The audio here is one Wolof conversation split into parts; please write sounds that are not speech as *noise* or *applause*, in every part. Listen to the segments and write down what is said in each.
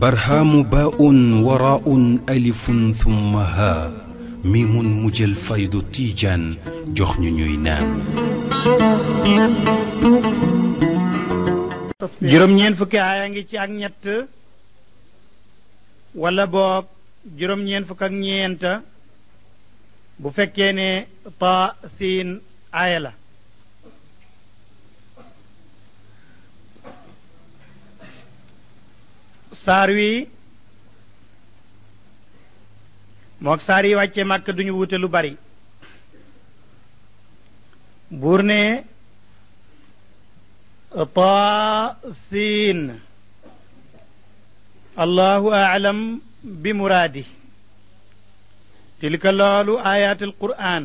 barhaamu baa un waraa un alifun thumma haa mi mun mujjal faydu tiijaan jox ñu ñuy naan. juróom-ñeent fukki aaya ngi ci ak ñett wala boog juróom-ñeent fukk ak ñeenta bu fekkee ne taa siin aaya la. sarwi mok sari wacce yi duñu wuté lu bari burne sin allahu a'lam bi Tilikalalu tilka lalu ayatul qur'an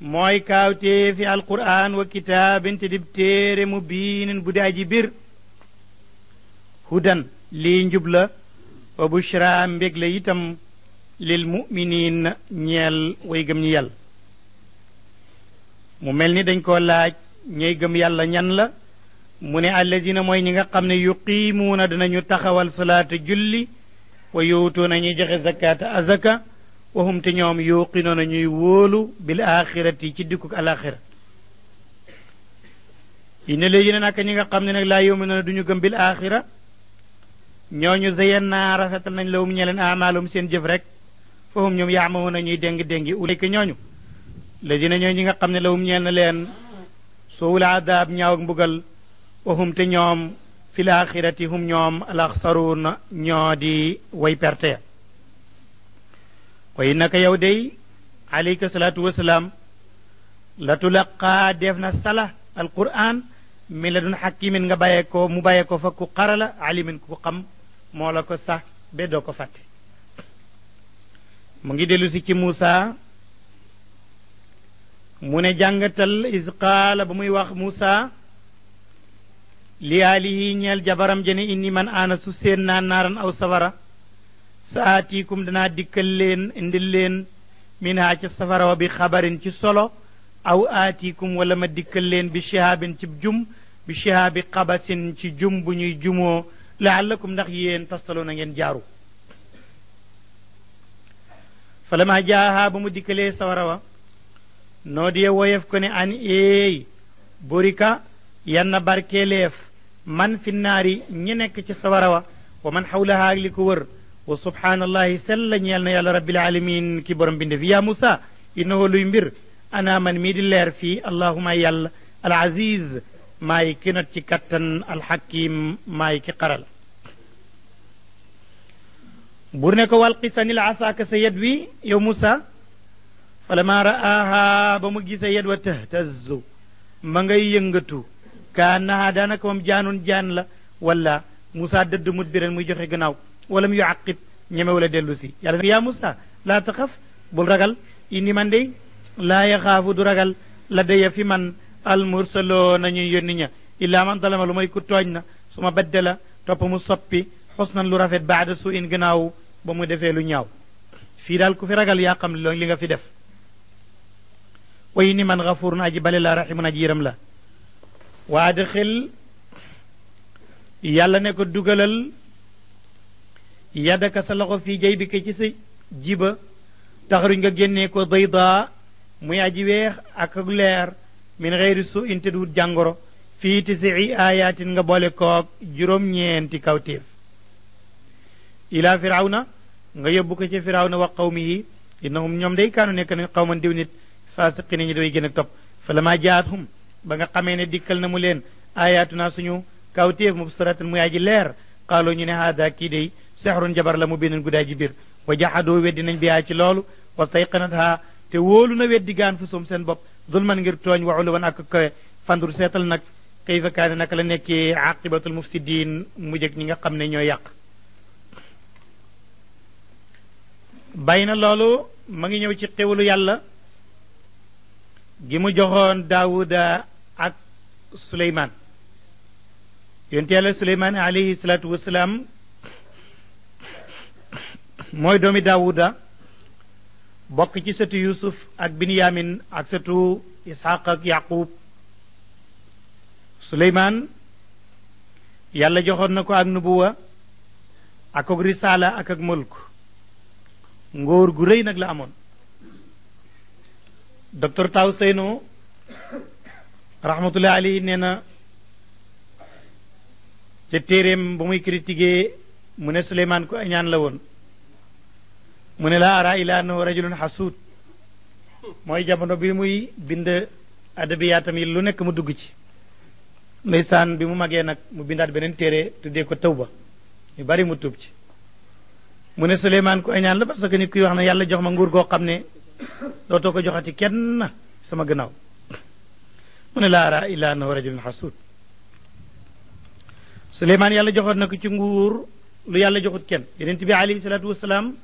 moy kawte fi alquran wa kitabin te mubin téere bir hudan lii njub la wa bushra mbég la itam lil muminin ñeel way gëm ñi yàlla mu mel ni dañ ko laaj ñay gëm yàlla ñan la mu ne alladina mooy ñi nga xam ne yuqiimuuna danañu taxawal salaata julli wa yowutuuna ñuy joxe zakata azaka wahum te ñoom yuqinoona ñuy woolu bil ti ci dikkuk alaxira yi ne léegi ne naka ñi nga xam ne nag laa yowminoona duñu gëm bil axira ñooñu zeyen naa rafetal nañ lawum a amaalum seen jëf rek fahum ñoom yaamawuna ñuy déngi déngi ulayka ñooñu la dina ñooñu ñi nga xam ne lawum ñeel na leen soowul adaab ñaaw ak mbugal wahum te ñoom fi laaxirati hum ñoom alaxsaruun ñoo di way perte ya koy naka yow dey aleyka salaatu wasalaam la tulaqaa def na sala alquran min la dun xakimin nga bàyyee ko mu bàyyee ko fa ku xarala alimin ku xam moo la ko sax ba doo ko fàtte mu ngi dellusi ci Moussa mu ne jàngatal is qaala ba muy wax Moussa li aalihi ñeel jabaram jene inni man aana su seen naa aw safara saatiikum danaa dikkal leen indil leen minhaa ci safara wa bi xabarin ci solo aw aatiikum wala ma dikkal leen bi shihaabin ci jum bi shihaabi xabasin ci jum bu ñuy jumoo laallakum ndax yéen tastaloo na ngeen jaaru fa lama jaaha ba mu dikkalee sawara wa noo diye woyef ko ne an eey burika yanna barkeeleef man fi naari ñi nekk ci sawara wa wa man xawlaha ak li ko wër wa subhaanallahi sella ñeel na yàlla rabbil alamin ki borom binde fi man mii di leer fii allahuma yàlla al aziz maay ki not ci kattan alxakim maay ki xaral buur ne ko wal qisanil asaaka sa yet wi yow Moussa falammaa ra'aahaa ba mu gisee yet wa tahtazzu ma ngay yëngatu kaannahaa daanaka moom jaanun jaan la wala Moussa dëdd mudbiran muy joxe gannaaw walam yuaqib ñeme wala dellu si yaa Moussa laa taxaf bul ragal inni man de laa yaxaafu du ragal la daya fi man almursalo nañuy yónni ña illaa man zalama lu may ku tooñ na su ma baddala topp mu soppi xusnan lu rafet baada su in gannaaw ba mu defee lu ñaaw fii daal ku fi ragal yaa xam loo li nga fi def way ni la raximun aji yëram la waa de xel yàlla ne ko dugalal yadaka sa loxo fii jay bi ko ci sa jiba taxaruñ nga génnee ko dayda muy aji weex ak ak leer min xeyri su inte duut jàngoro fii tisi ayatin nga boole koog juróom-ñeenti kawtéef ilaa na nga yóbbu ko ci firawna wa qawmihi innahum ñoom day kaanu nekk nañ xawman diw nit faasiqi nañu doy gën a topp fa la lama jaathum ba nga xamee ne dikkal na mu leen naa suñu kawtéef mubsiratan mu yaa ji leer xaaloo ñu ne haada kii day sexrun jabar la mu bineen guddaay ji biir wa jaxadoo weddi nañ biyaa ci loolu wastayqanat ha te wóolu na weddi gaan fu sum seen bopp zulman ngir tooñ wa uluwan ak kawe fandur seetal nag kayfa kaane naka la nekkee aqibatul mufsidin mu jëg ñi nga xam ne ñooy yàq bàyyi na loolu ma ngi ñëw ci xéwalu yàlla gi mu joxoon daawuda ak suleymaan yonte yàlla suleymaan alayhi salaatu wasalaam mooy doomi daawuda bokk ci sëtu yusuf ak binyamin ak sëtu isxaq ak yaqub suleymaan yàlla joxoon na ko ak nubuwa ak ak risaala ak ak mulk ngóor gu rëy nag la amoon docteur taw seyno rahmatullahi alayhi nee na ca téeréem ba muy critiquer mu ne suleymaan ku añaan la woon mu ne laa ara ila annahu rajulun xasuut mooy jamono bi muy bind adabiyaatam yi lu nekk mu dugg ci ndeysaan bi mu magee nag mu bindaat beneen téere tuddee ko ba ñu bari mu tuub ci mu ne Suleymaan ku añaan la parce que nit kuy wax na yàlla jox ma nguur goo xam ne dootoo ko ci kenn na sama gannaaw mu ne laa ara illa annahu rajulun xasuud Suleymaan yàlla joxoon na ko ci nguur lu yàlla joxut kenn yeneen bi alayhi salaatu wasalaam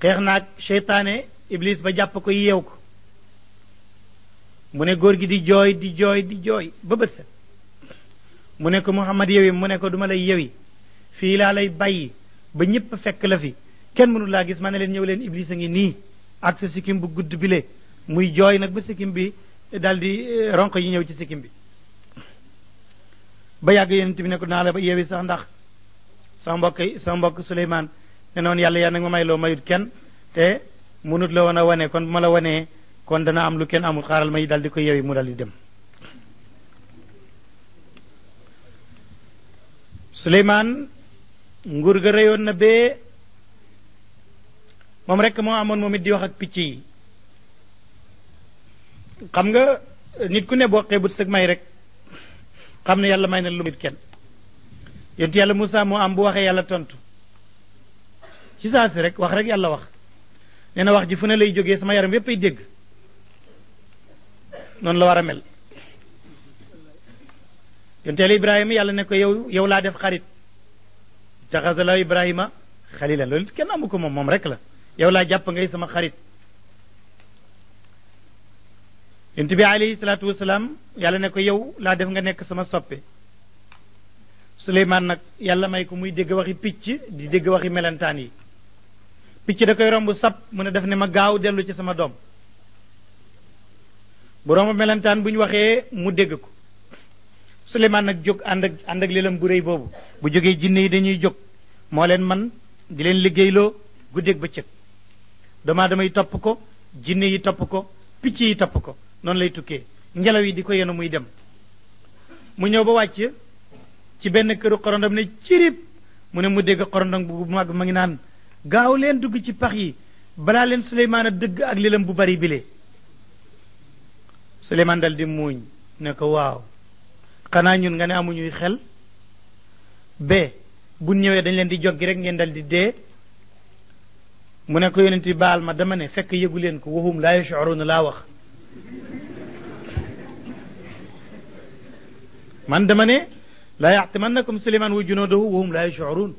xeex naag seytaane iblis ba jàpp ko yeew ko mu ne góor gi di jooy di jooy di jooy ba bët set mu ne ko Muhammad yewi mu ne ko duma lay yewi fii laa lay bàyyi ba ñëpp fekk la fi kenn mënu laa gis ma ne leen ñëw leen iblis a ngi nii ak sa sikkim bu gudd bile muy jooy nag ba sikkim bi daal di eh, ronko yi ñëw ci sikkim bi ba yàgg yonent bi ne ko naa la ba yewi sax ndax sa mbokk sama mbokk Suleymaan ne noonu yàlla yaa nag ma may loo mayut kenn te munut la woon a wane kon bu ma la wanee kon dana am lu kenn amul xaaral may dal di ko yewi mu dal di dem Suleymaan nguur ga réyoon na bee moom rek moo amoon moom it di wax ak picc yi xam nga nit ku ne boo xeebut sëg may rek xam ne yàlla may na lu nit kenn yonent yàlla Moussa moo am bu waxee yàlla tontu ci saa si rek wax rek yàlla wax nee na wax ji fu ne lay jógee sama yaram yépp ay dégg noonu la war a mel yonteel ibrahima yàlla ne ko yow yow laa def xarit taxasa la ibrahima xalila loolu kenn amu ko moom moom rek la yow laa jàpp ngay sama xarit yonent bi alayhi salaatu wasalaam yàlla ne ko yow laa def nga nekk sama soppe suleymaan nag yàlla may ko muy dégg waxi picc di dégg waxi melentaan yi picc da koy romb sab mu ne def ne ma gaaw dellu ci sama dom. bu romb melentaan bu ñu waxee mu dégg ko suleyman nag jóg ànd ak ànd ak lelam bu réy boobu bu jógee jinne yi dañuy jóg moo leen man di leen liggéeyloo guddeeg bëccëg dama damay topp ko jinne yi topp ko picc yi topp ko noonu lay tukkee ngelaw yi di ko yenu muy dem mu ñëw ba wàcc ci benn këru xorondom ne cirib mu ne mu dégg xorondom bu mag ma ngi naan gaaw leen dugg ci pax yi balaa leen suleymaan a dëgg ak lilam bu bari bile suleymaan dal di muuñ ne ko waaw xanaa ñun nga ne amuñuy xel be bu ñëwee dañ leen di joggi rek ngeen dal di dee mu ne ko yonent baal ma dama ne fekk yéguleen leen ko waxum laa yashuruna laa wax man dama ne laa yaxtimannakum suleymaan wa junoodahu waxum laa yashurun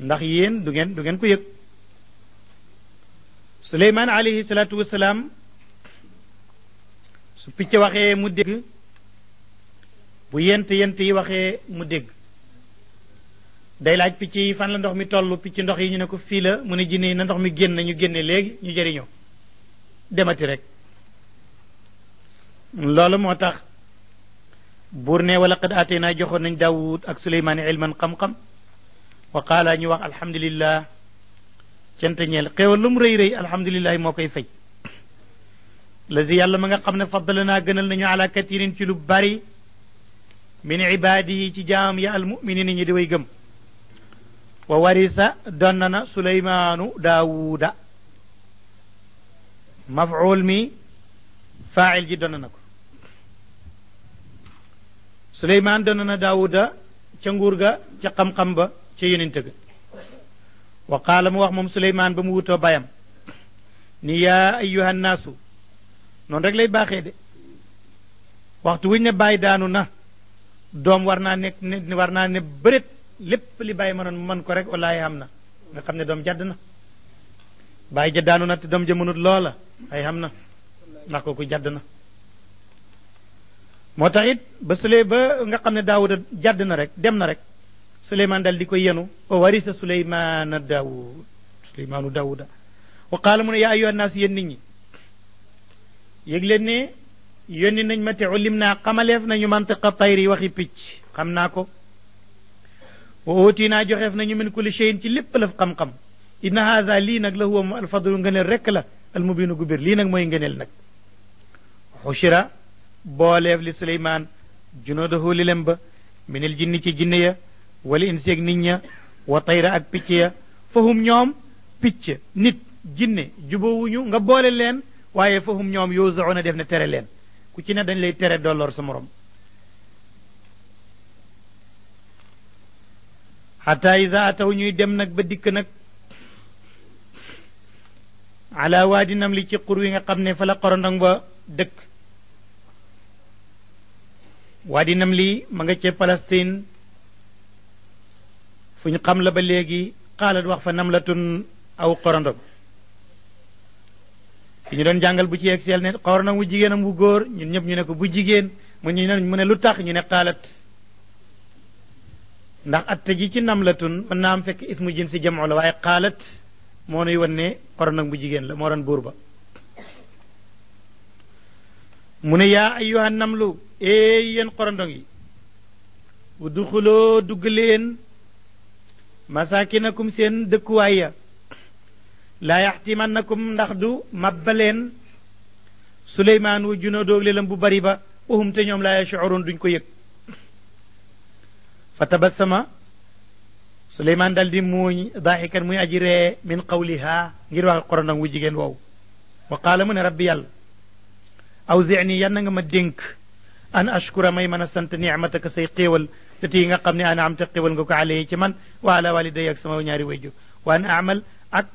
ndax yéen du ngeen du ngeen ko yëg suleymaan alayhi salaatu su picc waxee mu dégg bu yent yent yi waxee mu dégg day laaj picc yi fan la ndox mi toll picc ndox yi ñu ne ko fii la mu ne jinne yi na ndox mi génn ñu génne léegi ñu jëriñoo demati rek loolu moo tax buur ne wala qad aateenaa joxoon nañ daawud ak suleymaan ilman xam-xam وقال ني واخ الحمد لله تنت نيل خيول لوم ري ري الحمد لله موكاي فاي الذي يالا ماغا خامن فضلنا غنال نانيو على كثير تي لو باري من عبادي تي جام يا المؤمنين ني دي وي گم ووارث دننا سليمان داوود مفعول مي فاعل جي دننا سليمان دننا داوود تي نغورغا تي خام خام ci yonente ga wa qaala mu wax mom suleymaan ba wuto bayam ni yaa ayuha naasu non rek lay baxé de waxtu wuñ ne bay daanu na Dom warna nek nekk ne war ne bëret lépp li bay manon man ko rek walaay xam na nga xam dom jadd na bay ja daanu na te dom ja mënut loola ay amna nak ko ku jadd na motaxit ba sulay ba nga xam daawuda jadd na rek dem na rek suleymaan dal di koy yenu wa warisa suleymaana daawud suleymaanu daawuda qaala mu ne yaa ayyuha naasu yéen ñi yëg ne yónni nañ ma te ullim naa xamaleef nañu mantiqa tayri waxi picc xam naa ko wa ootii naa joxeef nañu min kulli cheyin ci lépp laf xam-xam inna haza lii nag la huwa alfadlu ngëneel rekk la almubinu gu lii nag mooy ngëneel nag xushira booleef li suleymaan junudahu lilem ba minil jinni ci jinne walla insi ak nit ña wa tayra ak picc ya fahum ñoom picc nit jinne jubóowuñu nga boole leen waaye fahum ñoom yuusauna def na tere leen ku ci ne dañ lay tere dolloor sa morom xata isa ataw ñuy dem nag ba dikk nag ala waadi nam li ci xur wi nga xam ne fa la xorondong ba dëkk waadi nam li ma nga ca Palestine fuñ xam la ba léegi xaalat wax fa namlatun aw xorondog ki ñu doon jàngal bu ci yegseel ne xorondog wu jigéenam bu góor ñun ñëpp ñu ne ko bu jigéen mu ñu ne mu ne lu tax ñu ne xaalat ndax atta ji ci namlatun mën naa am fekk ismu jin si jamoo la waaye xaalat moo nuy wan ne xorondog bu jigéen la moo doon buur ba mu ne yaa ayyuhan namlu ee yéen xorondog yi udduxuloo dugg leen masakinakum seen dëkkuwaay ya laa yaxtimannakum ndax du mabbaleen suleymaan wu junoo doog lelam bu bari ba wahum te ñoom laa yashcuruun duñ ko yëg fa tabassama suleymaan dal di muuñ daaxikan muy aji ree min qawlihaa ngir wax a wu jigéen woow wa qaala mu ne rabbi yàlla awzicnii yan a nga ma dénk an ashkura may mën a sant nicmataka say xéewal sët yi nga xam ne ana am te xéwal nga ko ale ci man waala waliday ak sama ñaari wayju waan amal ak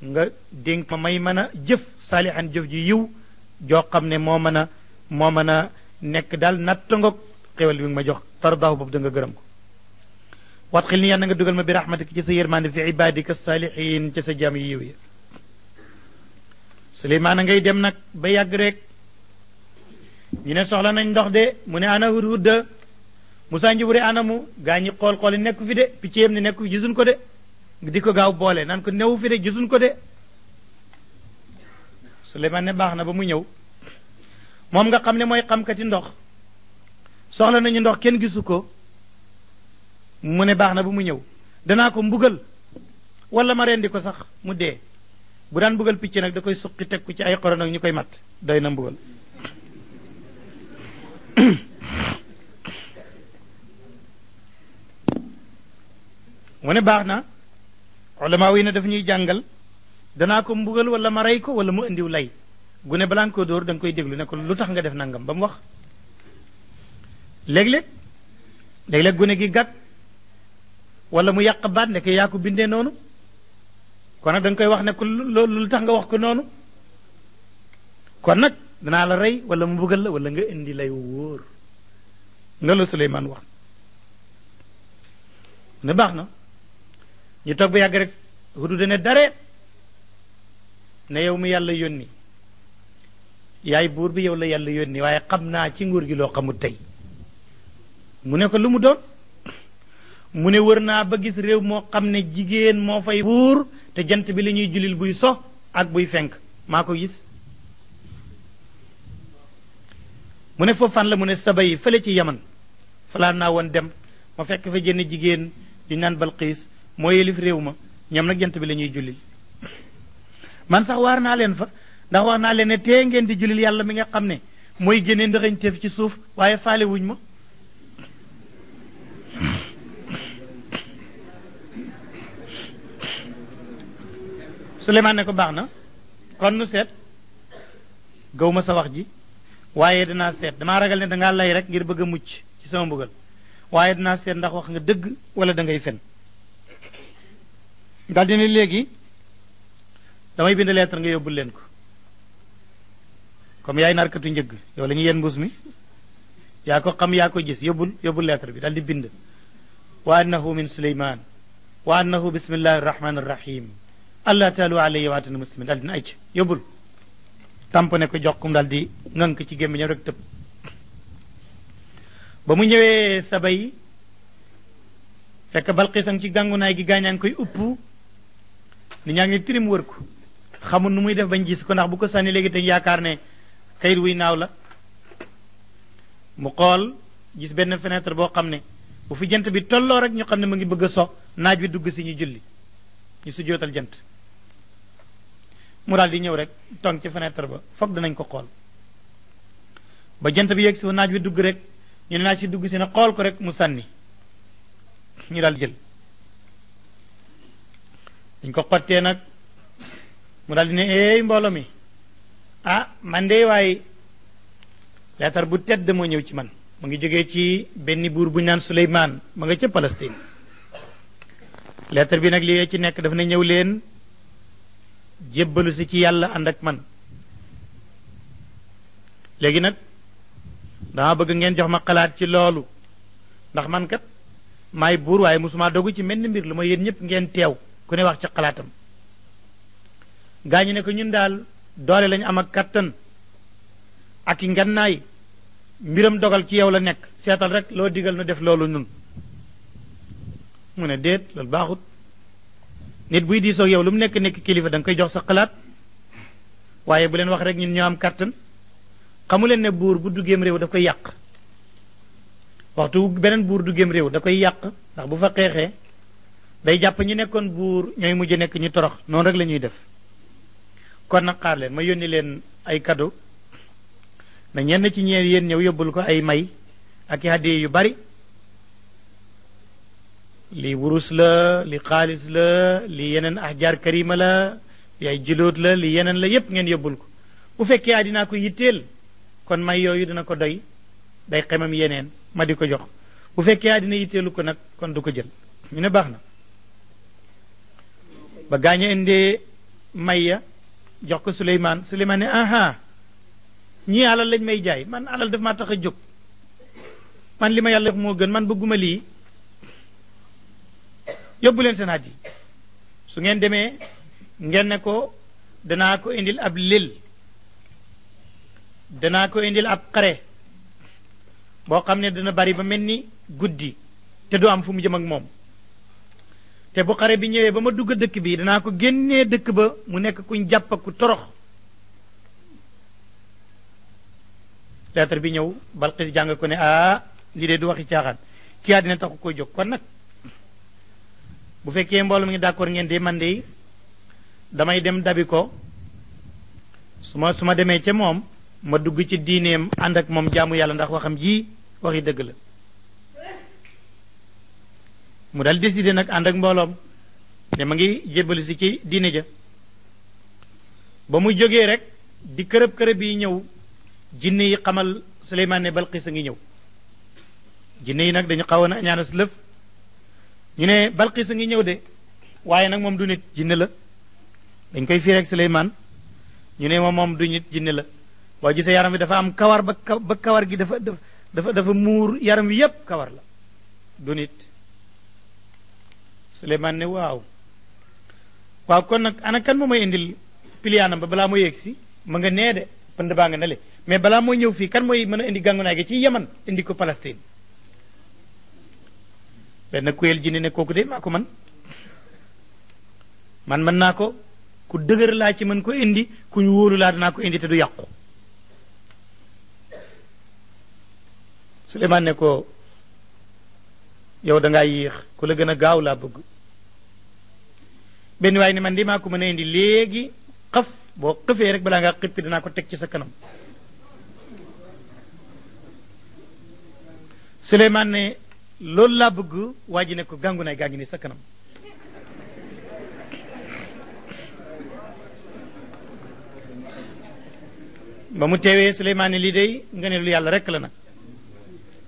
nga dénk ma may mën a jëf saalihan jëf ji yiw joo xam ne moo mën a moo mën a nekk daal natta ngoog xéwal bi nga ma jox tardaahu boobu da danga gërëm ko wat xil ni yàlla nga dugal ma bi rahmatika ci sa yërmande fi ibadika saalihin ci sa jaam yi yiw yi suleymaan a ngay dem nag ba yàgg rek ñu ne soxla nañ ndox de mu ne ana hudhudda Moussa Njubure anamu gaa ñi xool-xooli nekk fi de picc yam ne nekku fi gisuñ ko de di ko gaaw boole naan ko newu fi de gisuñ ko de Suleymaan ne baax na ba mu ñëw moom nga xam ne mooy xamkati ndox soxla nañu ndox kenn gisu ko mu ne baax na ba mu ñëw danaa ko mbugal wala ma rendi ko sax mu dee bu daan mbugal picc nag da koy suqi teg ko ci ay xoron ak ñu koy mat doy na mbugal *clears throat* wane baax na olamaa yi ne daf ñuy jàngal danaa ko mbugal wala ma rey ko wala mu indiw lay gune balaa nga ko dóor da nga koy déglu ne lu tax nga def nangam ba mu wax léeg-léeg léeg-léeg gune gi gàtt wala mu yàq baat nekk yaa ko bindee noonu kon nag da koy wax ne tax nga wax ko noonu kon nag danaa la rey wala mu mbugal la wala nga indi lay wóor nga la Suleymaan wax ne baax na ñu toog ba yàgg rek hududa ne dare ne yow mi yàlla yónni yaay buur bi yow la yàlla yónni waaye xam naa ci nguur gi loo xamul tey mu ne ko lu mu doon mu ne wër naa ba gis réew moo xam ne jigéen moo fay buur te jant bi la ñuy julil buy so ak buy fenk maa ko gis mu ne foofu fan la mu ne saba yi fële ci yaman falaa naa woon dem ma fekk fa jënn jigéen di naan balqiis moo yelif réew ma ñoom nag jant bi lañuy ñuy jullil man sax waar naa leen fa ndax wax naa leen ne tee ngeen di jullil yàlla mi nga xam ne mooy génne ndëxañteef ci suuf waaye faale wuñ ma Souleymane ne ko baax na kon nu seet gaw ma sa wax ji waaye danaa seet damaa ragal ne dangaa lay rek ngir bëgg a mucc ci sama mbugal waaye danaa seet ndax wax nga dëgg wala dangay fen daal di ne léegi damay bind lettre nga yóbbul leen ko comme yaay narkatu njëgg yow la ñu yéen mbuus mi yaa ko xam yaa ko gis yóbbul yóbbul lettre bi daal di bind wa annahu min suleyman wa annahu bismillahi irrahmani irrahim allah taalu alayhi wa atana muslimin daal dina yóbbul tamp ne ko jox kum daal di ngànk ci gémmiñam rek tëb ba mu ñëwee sabay fekk balqiis ci gàngunaay gi gaañaa ngi koy upp ni ñaa ngi tirim wër ko xamul nu muy def bañ gis ko ndax bu ko sànni legi te yaakar ne xeyr wuy naaw la mu xol gis benn fenêtre bo xamne bu fi jant bi tollo rek ñu xamne ne mu ngi bëgg so naaj bi dugg ci ñu julli ñu su jotal jant mu dal di ñew rek tong ci fenêtre ba fokk dinañ ko xol ba bi yegg naaj bi dugg rek ñu naaj dugg ci na xol ko rek mu ñu dal jël dañ ko xottee nag mu dal di ne mbolo mi ah man de waay leetar bu tedd moo ñëw ci man mu ngi jógee ci benn buur bu naan suleyman ma nga ca palestine leetar bi nag li ci nekk daf na ñëw leen jébbalu si ci yàlla ànd ak man léegi nag dama bëgg ngeen jox ma xalaat ci loolu ndax man kat may buur waaye musuma dogu ci menn mbir lu ma yéen ngeen teew ku ne wax ci xalaatam gaa ñi ne ko ñun daal doole lañ am ak kattan ak i ngannaay mbiram dogal ci yow la nekk seetal rek loo digal nu def loolu nun mu ne déet loolu baaxut nit buy diisoog yow lu mu nekk nekk kilifa da nga koy jox sa xalaat waaye bu leen wax rek ñun ñoo am kattan xamu leen ne buur bu duggeem réew da koy yàq waxtu beneen buur duggeem réew da koy yàq ndax bu fa xeexee day jàpp ñu nekkoon buur ñooy mujj nekk ñu torox noonu rek lañuy def kon nag xaar leen ma yónni leen ay cadeau na ñenn ci ñeen yéen ñëw yóbbul ko ay may ak i yu bari lii wurus la li xaalis la li yeneen ahjaar karima la li ay jiloot la li yeneen la yépp ngeen yóbbul ko bu fekkee àddinaa ko yitteel kon may yooyu dina ko doy day xemam yeneen ma di ko jox bu fekkee àddina yitteelu ko nag kon du ko jël ñu ne baax na ba gaañu Maya maya jox ko suleyman suleyman ne aha ñi alal lañ may jaay man alal daf ma tax juk man lima yalla mo gën man bëgguma li yobul len senaji su ngeen demee ngeen ne ko dana ko indil ab lil dana ko indil ab xare bo xamne dana bari ba melni ni te du am fu mu jëm ak moom te bu xare bi ñëwee ba ma dugg dëkk bi danaa ko génnee dëkk ba mu nekk kuñ jàpp ku torox lettre bi ñëw balqis jàng ko ne ah li de du waxi caaxaan kii àddina taxu koy jóg kon nag bu fekkee mi ngi d'accord ngeen di man de damay dem dabi ko su ma su ma demee ca moom ma dugg ci diineem ànd ak moom jaamu yàlla ndax waxam ji waxi dëgg la mu dal décidé nak and ak mbolom ne ma ngi jébal ci ci diiné ja ba mu joggé rek di kërëb kërëb yi ñëw jinné yi xamal Suleyman ne Balqis ngi ñëw jinne yi nak dañu ñaanas leuf ñu né Balqis ngi ñëw de waaye nak mom du nit jinné la dañ koy fi rek Suleyman ñu né mom du nit jinne la bo gisé yaram bi dafa am kawar ba kawar gi dafa dafa dafa mur yaram bi yépp kawar la du nit Suleymaan ne waaw waaw kon nag ana kan moo indi indil piliyaanam ba balaa mooy yegg si ma nga nee de pënd baa nga ne le mais balaa mooy ñëw fii kan mooy mën a indi gàngunaay gi ci Yaman indi ko Palestine benn kuyel jinne ne kooku de maa ko man man mën naa ko ku dëgër laa ci mën ko indi ku ñu wóolu laa danaa ko indi te du yàqu Suleymaan ne ko yow dangaa yéex ku la gën a gaaw laa bëgg benn waaye ne man di maa ko mën a indi léegi xëf boo xëfee rek balaa ngaa xippi danaa ko teg ci sa kanam Suleymaan ne loolu laa bëgg waa ji ne ko gàngu naay gaa ngi ni sa kanam ba mu teewee Suleymaan ne lii day nga ne lu yàlla rekk la nag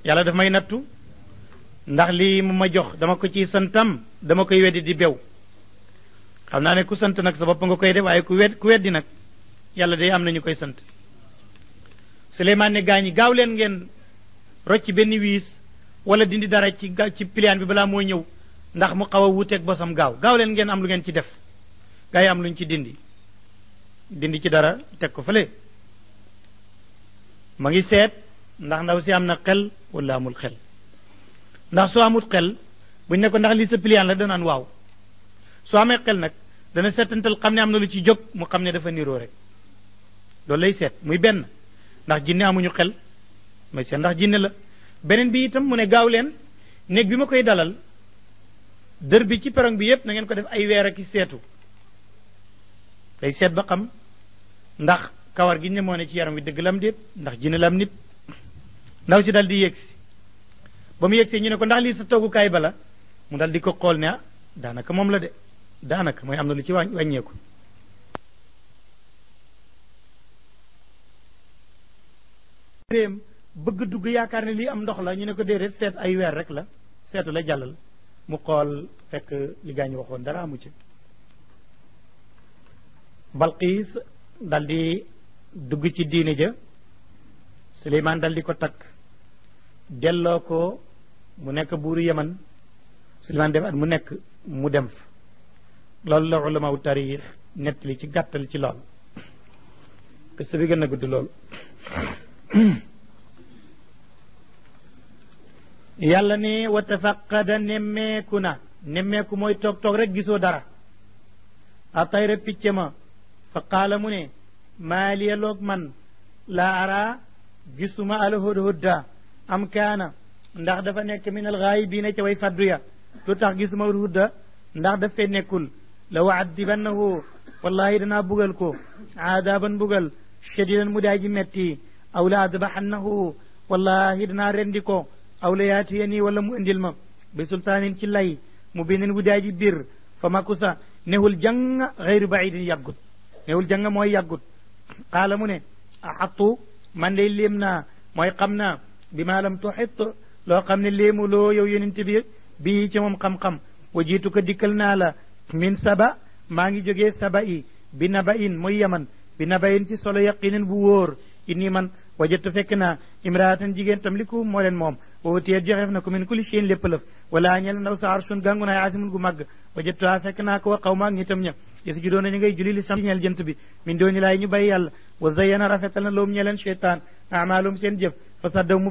yàlla daf may nattu ndax lii mu ma jox dama ko ci santam dama koy weddi di bew xamna ne ku sant nak sa bop nga koy def waye ku wet ku weddi nak yalla day am nañu koy sant suleyman ne gañi gaw len ngeen rocc ben wiis wala dindi dara ci ci plan bi bala mo ñew ndax mu xawa wutek bosam gaw gaw len ngeen am lu ngeen ci def gaa am luñ ci dindi dindi ci dara tek ko fele ma ngi set ndax ndaw si am na xel wala amul xel ndax so amul xel buñ ne ko ndax li sa plan la nan waw su amé xel nak dana sétantal xamné amna lu ci jog mu xamné dafa niro rek loolu lay sét muy ben ndax jinné amuñu xel may ndax jinné la benen bi itam mu né gaaw len nek bima koy dalal derbi bi ci perang bi yépp na ngeen ko def ay kawarginnya ak sétu lay sét ba xam ndax kawar gi ne mo ne ci yaram wi deug lam dit ndax jinné lam nit ndaw ci dal di yegg si ñu ne ko ndax li sa kay bala mu dal di ko xol ne ah, danaka mom la de daanaka mooy am na lu ci wàññeeku réem bëgg dugg yaakaar ne lii am ndox la ñu ne ko déedéet seet ay weer rek la seetu la jàllal mu xool fekk li gaa ñu waxoon dara amu ci balqiis dal di dugg ci diine ja suleymaan dal di ko takk delloo ko mu nekk buuru yaman suleymaan def at mu nekk mu dem fa loolu la ulamaawu taarix nettali ci gàttal ci lool qissa bi gën a gudd loolu yàlla ni wa tafaqada nemmeeku na nemmeeku mooy toog toog rek gisoo dara atayra picc ma fa qaala mu ne maa liya loog man laa araa gisuma alhudhudda am kaana ndax dafa nekk min alxaayibiina ca way faddu ya lu tax gisuma hudhudda ndax daf fee nekkul la wa'addibannahu wallahi dana bugal ko aadaaban bugal shadidan mu daaji metti aw la adbaxannahu wallahi danaa rendi ko aw la yaatiyani wala mu indil ma bi sultaanin ci lay mu binin wu daaji bir fa makusa newul jàng xeyru baidin yàggut newul jàng mooy yàggut qaala mu ne axattu man day léem naa mooy xam naa bi maa lam tuxit loo xam ne léemu loo yow yonent bi ci moom xam-xam wa jiitu ko dikkal naa la min saba maa ngi jógee saba i bi naba in mooy yaman bi naba in ci solo yaqinin bu wóor i man wajatu fekk naa imraatan jigéen tam li ku moo leen moom wootiyet joxeef na ko min kulli shay'in lépp lëf wala ñel ndaw sa arsun gàngu naay aasimun gu màgg wajatuha fekk naa ko wa xaw maag ñitam ña yesu ju doon ñu ngay julli li sam ñeel jënt bi min dooni laay ñu bay yàlla wa zayyana rafetal na loom ñeleen cheytaan amaalum seen jëf fa saddaw mu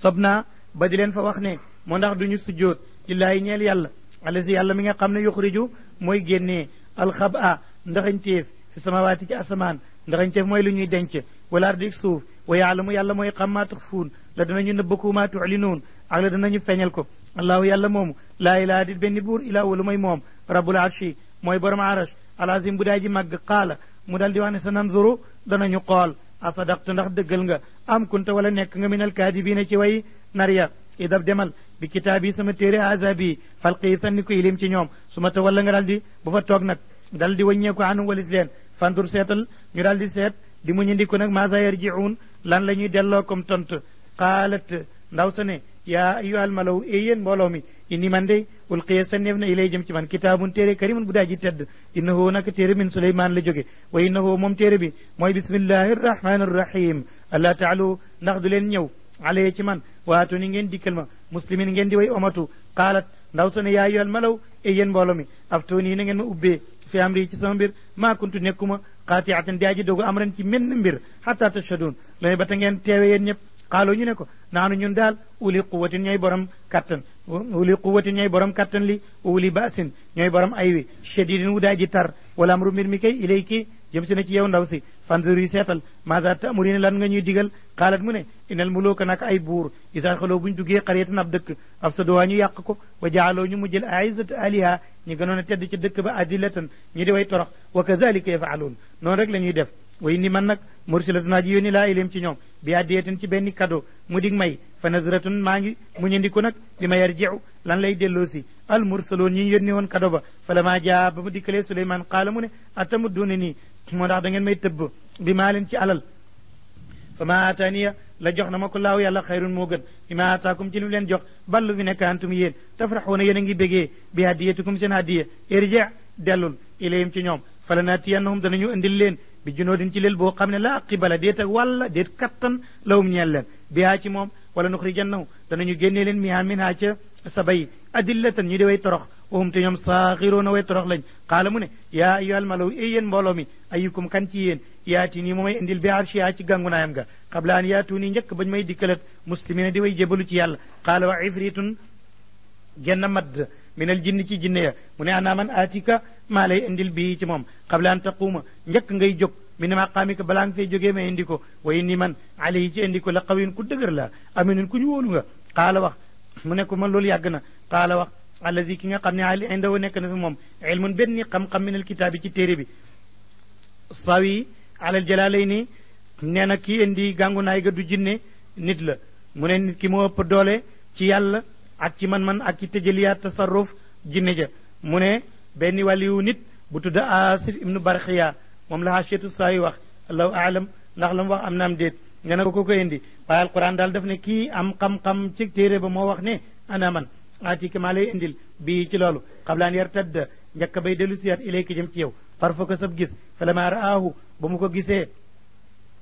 sob naa ba di leen fa wax ne moo ndax duñu sujjóot lillaahi ñeel yàlla alasi yàlla mi nga xam ne yuxriju mooy génnee alxaba ndaxañteef fi samawaati ci asamaan ndaxañteef mooy lu ñuy denc wala ardik suuf wa yaalamu yàlla mooy xam maa tuxfuun la danañu nëbb ko maa tuxlinuun ak la danañu feeñal ko allahu yàlla moomu laa ilaa di benn buur ilaa walu may moom rabbul arshi mooy borom arash alazim bu daay ji màgg qaala mu dal di wax ne sa nanzuru danañu xool asadaqtu ndax dëggal nga am kunta wala nekk nga minal kaadibiina ci way nar ya idab demal bi kitaab yi sama téere haza bi falqi sanni ko ilim ci ñoom su ma ta wala nga daal di bu fa toog nag dal di wàññeeku anum walis leen fandur seetal ñu daal di seet di muñandiku nag maasa yarjiun lan la ñuy delloo comme tont qaalat ndaw sa ne yaa ayyuhal malaw e yéen mi inni man de ulqiya sanneef na ilay jëm ci man kitaabun téere karimun bu daa ji tedd innahu naka téere min suleymaan la jóge wa innahu moom téere bi mooy bismillahi arrahmani arrahim allah taalu ndax du leen ñëw alayya ci man waato ni ngeen dikkal ma muslimin ngeen di way omatu qaalat ndaw sa ne yaa ayyuhal malaw e yéen mbooloo mi aftuuni na ngeen ma ubbee fi amri ci sama mbir maa kuntu nekkuma qaatiatan di aji dogu amran ci menn mbir xataa tashhaduun ba ta ngeen teewe ñëpp xaalo ñu ne ko naanu ñun daal uli quwatin ñooy borom kattan uli quwatin ñooy borom kattan li uli baasin ñooy borom ay wi shadidin wu daaji tar wala amru mbir mi kay ilayki jëm si na ci yow ndaw si fanzur yi seetal maasa tamurina lan nga ñuy digal xaalat mu ne inal muluka nag ay buur isa xaloo buñ duggee xariyatan ab dëkk af sa ñu yàq ko wa jaaloo ñu mujjël aizat aliha ñu gënoon a tedd ci dëkk ba adillatan ñu di way torox wa kazalika yafaluun noonu rek la ñuy def way ni man nag mursilatu naa ji yónni laa ilim ci ñoom bi addiyetin ci benn cadeau mu dig may fa nazratun maa ngi mu ñandiku nag li ma yarjiu lan lay delloo si al mursaloon ñi ñu yónni woon cadeau ba fa la maa jaa ba mu dikkalee Suleymaan qaala mu ne atamu duune nii moo ndax da ngeen may tëbb bi maa leen ci alal fa maa aataaniya la jox na ma ko laaw yàlla xayrun moo gën bi maa aataakum ci li mu leen jox ballu fi nekk antum yéen tafraxuuna yéen a ngi bégee bi hadiyatikum seen hadiya irji dellul ilayhim ci ñoom fa la naatiyannahum danañu indil leen bi junoodin ci leel boo xam ne laa qibala déet ak wàlla déet kattan lawum ñeel leen bihaa ci moom wala nuxrijannahu danañu génnee leen mihaa minhaa ca sabay adillatan ñu di way torox wahum te ñoom saaxiroona way torox lañ xaala mu ne yaa ayyuhal malaw éy yéen mbooloo mi ayukum kan ci yéen yaati nii moomay indil bi arshiha ci gàngunaayam ga xabla an yaatu nii njëkk bañ may dikkalat muslimina di way jébalu ci yàlla xaala wa ifritun genn madd minal jinni ci jinne mu ne anaa man aatika maa lay indil bii ci moom qabla an taquuma njëkk ngay jóg min maqaamika balaa nga fay jógee ma indi ko wa inni man alayhi ci indi ko la qawin ku dëgër la aminun ku ñu wolu nga qaala wax mu ne ko man loolu yàgg na qaala wax alladi ki nga xam ne ali indahu nekk na fi moom ilmun benn xam-xam min al kitaabi ci téere bi sawi alal jalaalayni nee na kii indi gàngu naay ga du jinne nit la mu ne ki moo ëpp doole ci yàlla ak ci man-man ak ci tëjaliyaat tasarruf jinne ja mu ne benn wàlliyu nit bu tudd asif ibnu barxiya moom la xaasiyatu saa yi wax allahu aalam ndax la mu wax am na am déet nga ne ko ko ko indi waaye alquran daal daf ne kii am xam-xam ci téere ba moo wax ne ana man atika maa lay indil bii ci loolu xablaan yar tëdd njëkk bay dellu siyaat ilayka jëm ci yow farfa ko sab gis falamaa raahu ba mu ko gisee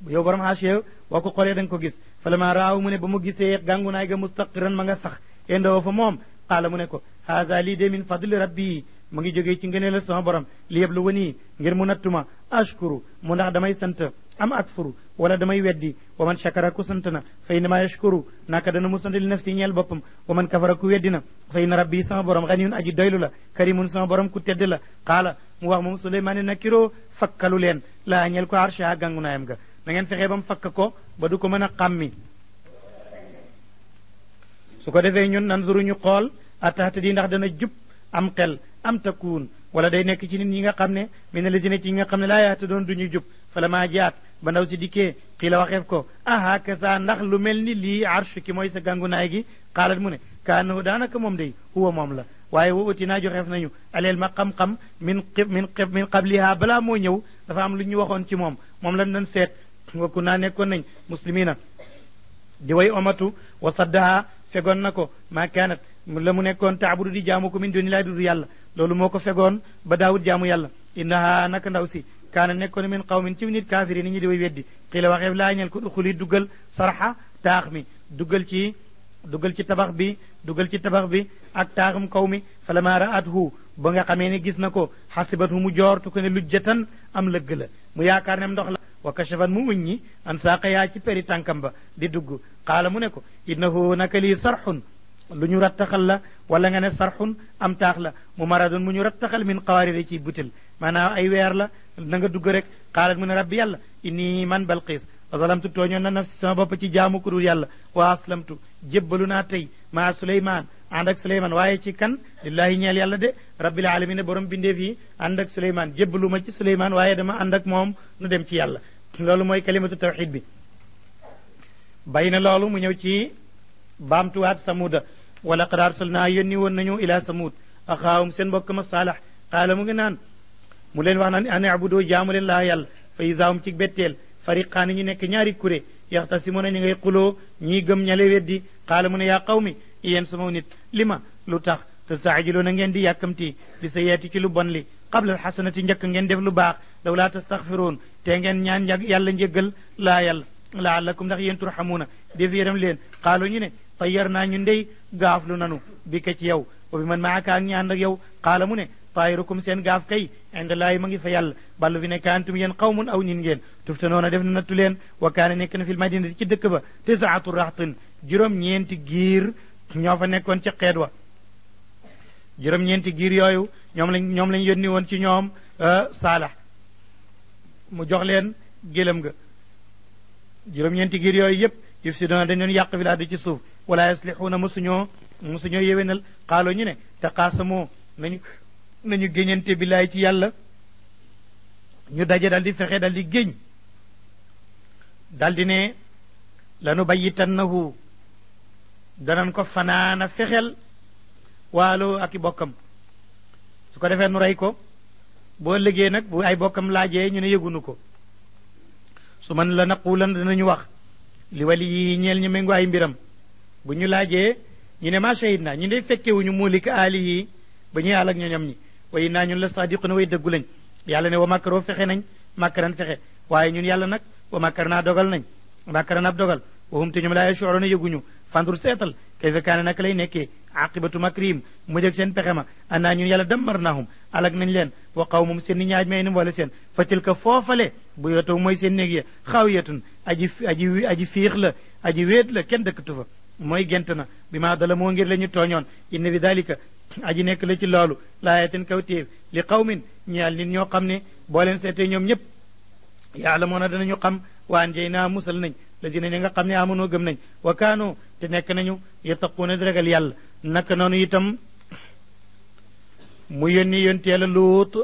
yow borom xaasiya boo ko xoolee da ko gis falamaa raahu mu ne ba mu gisee gàngunaay ga mustaqiran ma nga sax indoo fa moom qaala mu ne ko haza lii de min fadli rabbi mu ngi jógee ci ngëneelal sama borom li yëpp lu wanii ngir mu nattuma ashkuru mu ndax damay sant am akfuru wala damay weddi wa man shakara ku sant na fa innama yashkuru naka dana mu sant li nafsi ñeel boppam wa man kafara ku weddi na fa inna rabbi sama borom ganiyun aji doylu la karimun sama borom ku tedd la qaala mu wax moom suleymaane nakiroo fakkalu leen laa a ko arsha ga na ngeen fexee ba mu fakk ko ba du a xàmmi su ko defee ñun nan zuru ñu xool attaxte di ndax dana jub am xel am takkuun wala day nekk ci nit ñi nga xam ne mi ne lajine ci nga xam ne laa yaata doon du ñuy jub fala maa jaat ba ndaw si dikkee xii la waxeef ko ahaaka saa ndax lu mel ni lii arsh ki mooy sa gangu gàngunaay gi xaalat mu ne kaanahu daanaka moom day huwa moom la waaye wa utinaa joxeef nañu alel ma xam-xam min min min qabliha bala moo ñëw dafa am lu ñu waxoon ci moom moom lan doon seet wakku naa nekkoon nañ muslimina di way omatu wa saddaha fegoon na ko maa kaanat la mu nekkoon taabudu di jaamu ko min lay laa dudu yàlla loolu moo ko fegoon ba daawud jaamu yàlla innaha naka ndaw si kaana nekkoon min qawmin ci nit kaafiri ni ñu di way weddi xiila waxeef laa ñel ko duxuli dugal sarxa taax mi dugal ci dugal ci tabax bi dugal ci tabax bi ak taaxum kaw mi falama raathu ba nga xamee ne gis na ko xasibat hu mu joor joortu ko ne lujjatan am lëgg la mu yaakaar ne ndox la wa kachafan mu muñ ñi an yaa ci peri tànkam ba di dugg xaala mu ne ko innahu naka lii sarxun lu ñu rattaxal la wala nga ne sarxun am taax la mu maradun mu ñu rattaxal min xawaariri ci butel maanaam ay weer la na nga dugg rek xaalat mu ne rabbi yàlla inni man balqiis azalamtu tooñoon na nafsi sama bopp ci jaamu ku dul yàlla wa aslamtu jébbalu naa tey maa suleymaan ànd ak suleymaan waaye ci kan lillahi ñeel yàlla de rabbil alamin borom bindeef yi ànd ak suleymaan jébbalu ma ci suleymaan waaye dama ànd ak moom nu dem ci yàlla loolu mooy kalimatu tawxid bi bay na loolu mu ñëw ci baamtuwaat samuuda wala qad arsalnaa yónni woon nañu ila samuud axaawum seen mbokk ma saalax xaala mu ngi naan mu leen wax naan bu doo jaamu leen laa yàlla fa isaawum ci betteel fariqaani ñu nekk ñaari kuré yaxtasimuna ñu ngay xuloo ñii gëm ñale weddi xaala mu ne yaa xaw mi yéen sama nit li ma lu tax na ngeen di yàkkamti bi sa yeeti ci lu bon li qabla alxasanati njëkk ngeen lu baax law laa tastaxfiruun te ngeen ñaan njag yàlla njéggal laa yàlla laalakum ndax yéen turxamuuna def yéram leen xaalu ñu ne tayyar naa ñu ndey gaaflu nanu bi ka ci yow wa bi man maaka ak ñaan ak yow xaala mu ne tayrukum seen gaaf kay indallaahi ma ngi fa yàlla ballu fi nekk antum yéen qawmun aw nin ngeen tuftanoona def na nattu leen wa kaana nekk na fil madinati ci dëkk ba tisaatu raxtin juróom ñeenti giir ñoo fa nekkoon ci xeet wa juróom ñeenti giir yooyu ñoom lañ ñoom lañ yónni woon ci ñoom euh, saalax mu jox leen gëlëm ga juróom-ñeenti giir yooyu yëpp yufsiduuna dañ doon yàq fi laadi ci suuf na wala yuslihuuna mosuñoo mosuñoo yéwénal xaaloo ñu ne te xaasamoo nañu nañu géñante billaay ci yàlla ñu daje dal di fexe dal di géñ dal di ne lanu bayitannahu danañ ko fanaana fexeel waalo ak i bokkam su ko defee nu rey ko boo lëgee nag bu ay bokkam laajee ñu ne yëgunu ko su man la naqulan danañu wax li wali yi ñeel ñu méngoo ay mbiram bu ñu laajee ñu ne maa shahid naa ñu ne fekkewuñu mulika aali yi ba ñuy àll ak ñoñam ñi way naa ñun la sadiqu na way dëggu lañ yàlla ne wa makaroo fexe nañ makaran fexe waaye ñun yàlla nag wa makar naa dogal nañ makaran ab dogal wahum te ñoom laa na yëguñu fandur seetal kayfa kaana naka lay nekkee aqibatu makrim mu jëg seen pexe ma annaa ñun yàlla dammar naahum alag nañ leen wa qawmum seen nit ñi ajma'iin wala seen fa tilka foofale bu yotaw mooy seen néeg ya xaawiyatun aji aji aji fiix la aji wéet la kenn dëkkatu fa mooy gent na bi maa dala moo ngir la ñu tooñoon inna bi dalika aji nekk la ci loolu laayatin kaw téef li qawmin ñeel nit ñoo xam ne boo leen seetee ñoom ñëpp yàlla moo na ñu xam waan jey naa musal nañ la dina ñi nga xam ne amonoo gëm nañ wa kaanoo te nekk nañu yettaquuna di ragal yàlla naka noonu itam mu yónni yónte Yàlla Luut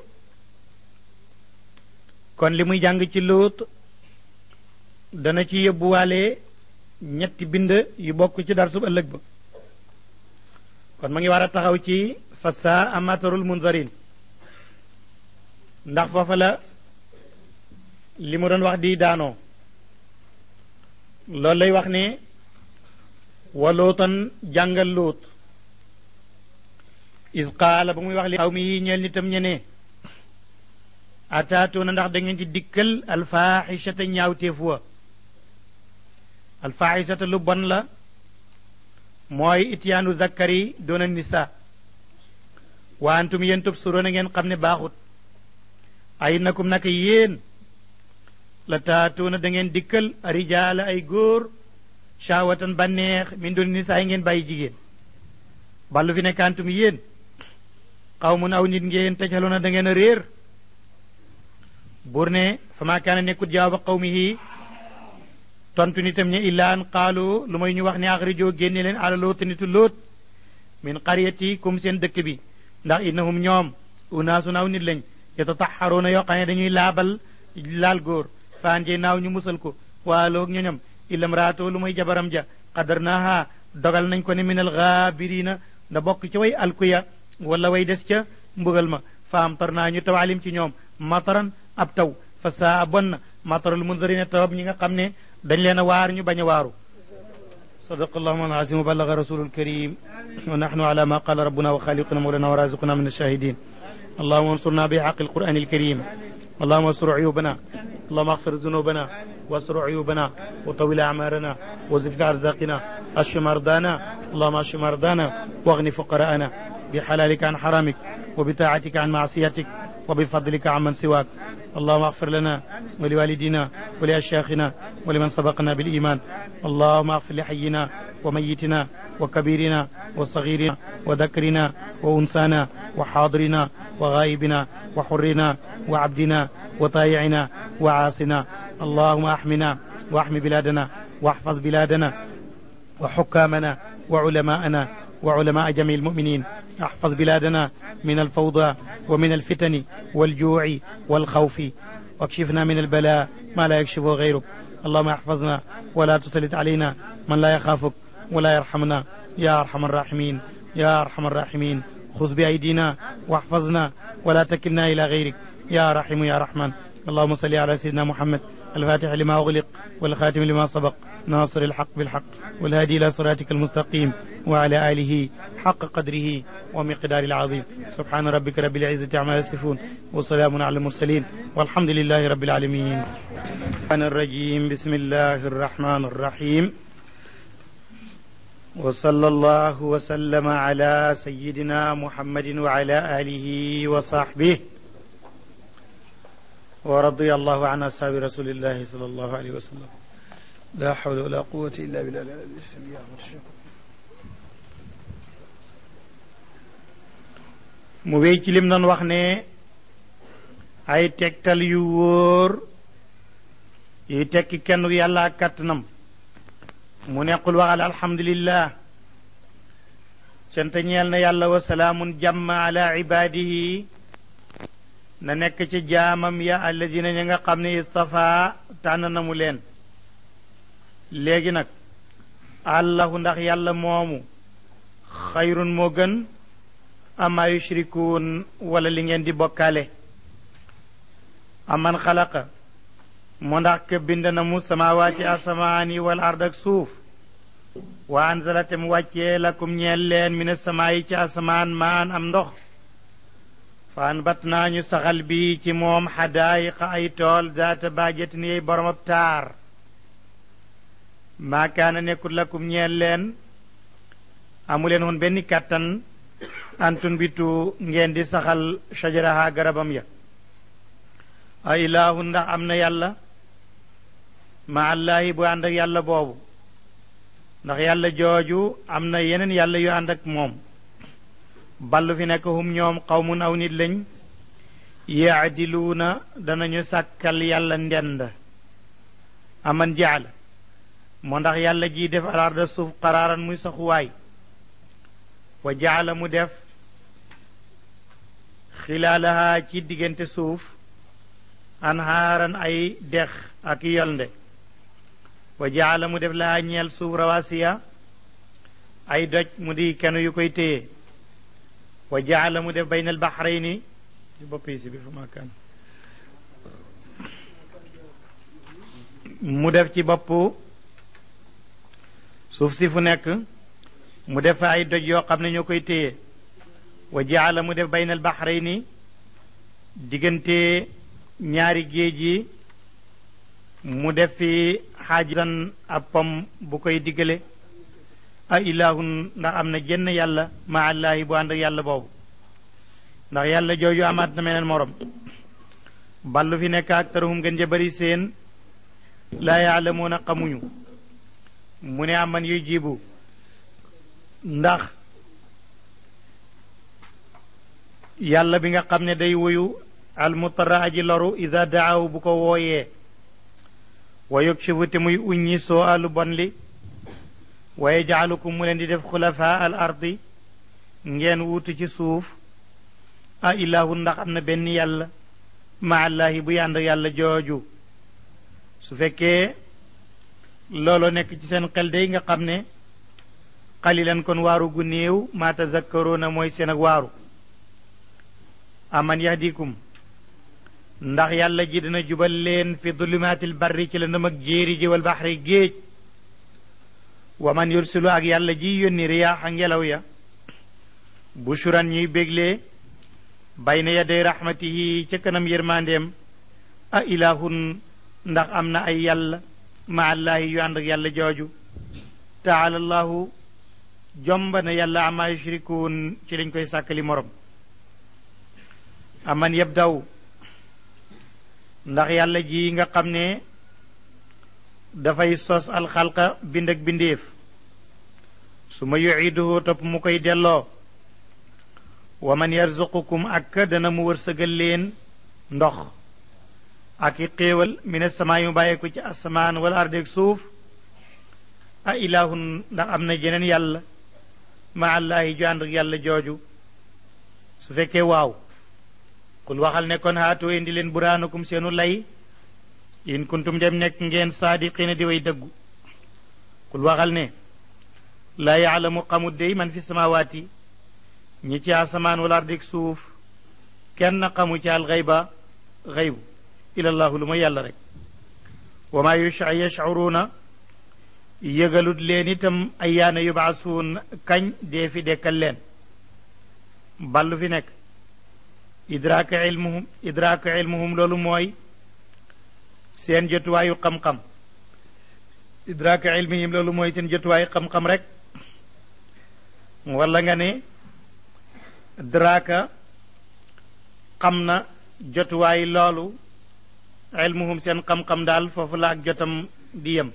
kon li muy jàng ci Luut dana ci yóbbuwaale ñetti bind yu bokk ci darsu ëllëg ba kon ma ngi war a taxaw ci fassa amatarul munzarin ndax foofa la li mu doon wax di daanoo loolu lay wax ne wa lootan jàngal luut is qaala ba muy wax li xaw mi yi ñeel nitam ñe ne ataatuna ndax da ngeen di dikkal alfaaxisata ñaawteef wa alfaaxisata lu bon la mooy ityaanu zakari doona nisa wa antum yéen tub suroon a ngeen xam ne baaxut ay nakum naka yéen la taatuna da ngeen dikkal rijaala ay góor shahwatan banneex min doon nisa yi ngeen bàyyi jigéen ballu fi nekk antum yéen xaw mun aw nit ngeen tejalu na da ngeen a réer buur ne fa maa kaana nekkut jawaaba qawmihi tontu nitam ña illaa an lu may ñu wax ne axrijoo génne leen ala loota nitu loot min qaryatikum seen dëkk bi ndax innahum ñoom unaasun aw nit lañ yatataxaruuna yoo xam ne dañuy laabal laal góor faanjee naaw ñu musal ko waaloog ñoñam illam raatoo lu may jabaram ja qadarnaaha dogal nañ ko ne minal gaabiriina da bokk ci way alkuya wala way des ca mbugal ma fa am tar naa ñu tawaalim ci ñoom mataran ab taw fa saa bon na matarul mundarina tawab ñi nga xam ne dañ leen a waar ñu bañ a waaru صدق اللهم العظيم وبلغ رسول الكريم ونحن على ما قال ربنا وخالقنا مولانا ورازقنا من الشاهدين اللهم انصرنا بحق القرآن الكريم اللهم استر عيوبنا اللهم اغفر ذنوبنا واستر عيوبنا وطول أعمارنا وزد في أرزاقنا اشف مرضانا اللهم اشف مرضانا واغن فقراءنا بحلالك عن حرامك وبطاعتك عن معصيتك وبفضلك عمن سواك اللهم اغفر لنا ولوالدينا ولأشياخنا ولمن سبقنا بالإيمان اللهم اغفر لحينا وميتنا وكبيرنا وصغيرنا وذكرنا وأنسانا وحاضرنا وغائبنا وحرنا وعبدنا وطائعنا وعاصنا اللهم احمنا واحم بلادنا واحفظ بلادنا وحكامنا وعلماءنا وعلماء جميع المؤمنين احفظ بلادنا من الفوضى ومن الفتن والجوع والخوف واكشفنا من البلاء ما لا يكشفه غيرك اللهم احفظنا ولا تسلط علينا من لا يخافك ولا يرحمنا يا أرحم الراحمين يا أرحم الراحمين خذ بأيدينا واحفظنا ولا تكلنا إلى غيرك يا رحيم يا رحمن اللهم صل على سيدنا محمد الفاتح لما أغلق والخاتم لما سبق ناصر الحق بالحق والهادي إلى صراطك المستقيم وعلى آله حق قدره ومقدار العظيم سبحان ربك رب العزة عما يصفون وسلام على المرسلين والحمد لله رب العالمين الرحمن الرجيم بسم الله الرحمن الرحيم وصلى الله وسلم على سيدنا محمد وعلى آله وصحبه ورضي الله عن أصحاب رسول الله صلى الله عليه وسلم laa xawla wala quwata illa billah mu wéy ci lim doon wax ne ay tegtal yu wóor yuy tekki kenn yàlla ak kàttanam mu nequl waxal alhamdulillah cant ñeel na yàlla wa ibaadihi na nekk ci jaamam ya alladina ña nga xam ne istafa tànn na mu leen léegi nag allahu ndax yàlla moomu xayrun moo gën ama yushrikuun wala li ngeen di bokkaale aman xalaqa moo ndax ke bind na mu samaawaati asamaan yi wal ard suuf wa anzala te mu wàccee lakum ñeel leen mina samaa yi ci asamaan maan am ndox fa anbat saxal bi ci moom xadaayiqa ay tool daata baajatin yey boromab maakaana nekkul lakum ñeel leen amuleen woon benn kàttan antun ngeen di saxal shajaraha garabam ya a ilaahu ndax am na yàlla ma allaahi bu ànd ak yàlla boobu ndax yàlla jooju am na yeneen yàlla yu ànd ak moom ballu fi nekk hum ñoom xawmun aw nit na yaadiluuna danañu sàkkal yàlla ndend aman jaala moo ndax yàlla jii def alarda suuf qaraaran muy saxuwaay wa jaala mu def xilaalaha ci diggante suuf anhaaran ay dex ak yolnde wa jaala mu def lahaa ñeel suuf rawaasiya ay doj mu di kenn yu koy téye wa jaala mu def baynal baxrayni mu def ci bopp suuf si nekk mu def fa ay doj yoo xam ne ñoo koy téye wa jaala mu def baynal nii diggante ñaari géej gi mu def fi xaajisan ab pom bu koy diggale a ilaahun ndax am na jenn yàlla ma allaahi bu ànd yàlla boobu ndax yàlla jooju amaat na meneen morom ballu fi nekk ak taruhum gën ja bëri seen laa yaalamuuna xamuñu mu ne aman yuy jibu ndax yàlla bi nga xam ne day woyu almutara aji loru ida daaw bu ko wooyee wa yukshifu te muy uññi soo alu bon li waaye yajaalukum mu leen di def xulafa al ngeen wuutu ci suuf a ilaahu ndax am na benn yàlla ma allahi bu yànd yàlla jooju su fekkee loolo nekk ci seen xel day nga xam ne xalilan kon waaru gu néew maa tazakkaruuna mooy seen ak waaru aman yahdikum ndax yàlla ji dina jubal leen fi zulumaatil barri ci lëndëm ak jéeri ji wal géej wa man yursilu ak yàlla ji yónni riyaaxa ngelaw ya bu bushuran ñuy béglee bayna yaday rahmatihi ca kanam yërmandeem a ilahun ndax am na ay yàlla ma allahi yu ànd ak yàlla jooju taala allahu jomb na yàlla ama yushrikuun ci lañ koy sàkkali morom aman yëpp daw ndax yàlla ji nga xam ne dafay sos alxalqa bind ak bindeef su ma yuciduhu topp mu koy delloo wa man yarzuqukum ak dana mu wërsëgal leen ndox عقيقة من السماء مبايك السمان والأرض اله دا امنا جنن يالا مع الله جان يالا جوجو سفكي واو قل وحل نيكون هاتو اندي لين برانكم سينو لاي إن كنتم جيم نيك نين صادقين دي وي دغ kul waxal ني لا يعلم قم الدي من في السماوات ني تي اسمان wala ardik suuf kenn xamu ci al ilallaahu lu ma yàlla rek wa maa yusha yashcuruuna yëgalut leen itam ayaana yubaasuun kañ dee fi dekkal leen ballu fi nekk idraaka ilmuhum idraaka loolu mooy seen jotuwaayu xam-xam idraaka ilmihim loolu mooy seen jotuwaayu xam-xam rek wala nga ne draaka xam na jotuwaayu loolu ilmuhum seen xam-xam daal foofu la ak jotam di yem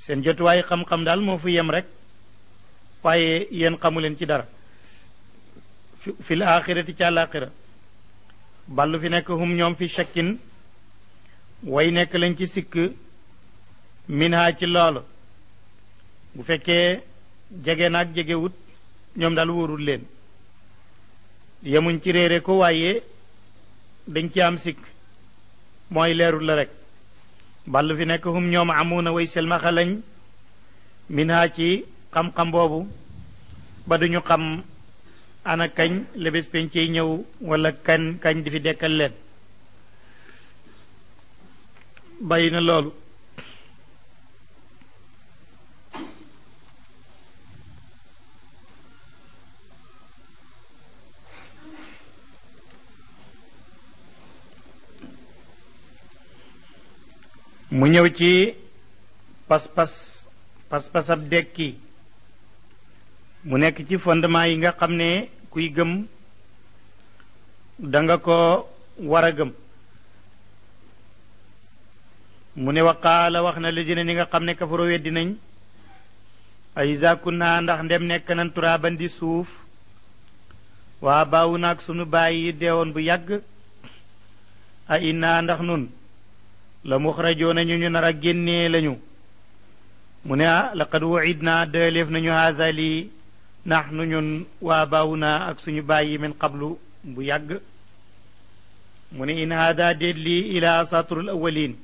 seen jotuwaay xam-xam daal moo fu yem rek waaye yéen leen ci dara fi la axirati ci àlaxira fi nekk hum ñoom fi sekkin way nekk lañ ci sikk minha ci loolu bu fekkee jege naag jegewut ñoom daal wóorul leen yemuñ ci réere ko waaye dañ ci am sikk mooy leerul la rek ballu fi nekk hum ñoom na way selmaxa lañ min haa ci xam-xam boobu ba ñu xam ana kañ la bés yi ñëw wala kañ kañ di fi dekkal leen bàyyi na loolu mu ñëw ci pas-pas pas-pasab dekki mu nekk ci fondement yi nga xam ne kuy gëm da nga ko war a gëm mu ne waqaala wax na lijina ñi nga xam ne kafaroo weddi nañ ay zakun naa ndax ndem nekk nan turaaban suuf waa baawu naag sunu bàyyi deewoon bu yàgg a innaa ndax nun la muxrajoona ñu ñu nar a génnee lañu mu ne ah laqad waid naa dëleef nañu haasa nax nu ñun waa baawu naa ak suñu bàyyi min qablu bu yàgg mu ne in haada déet lii ilaa saturul awalin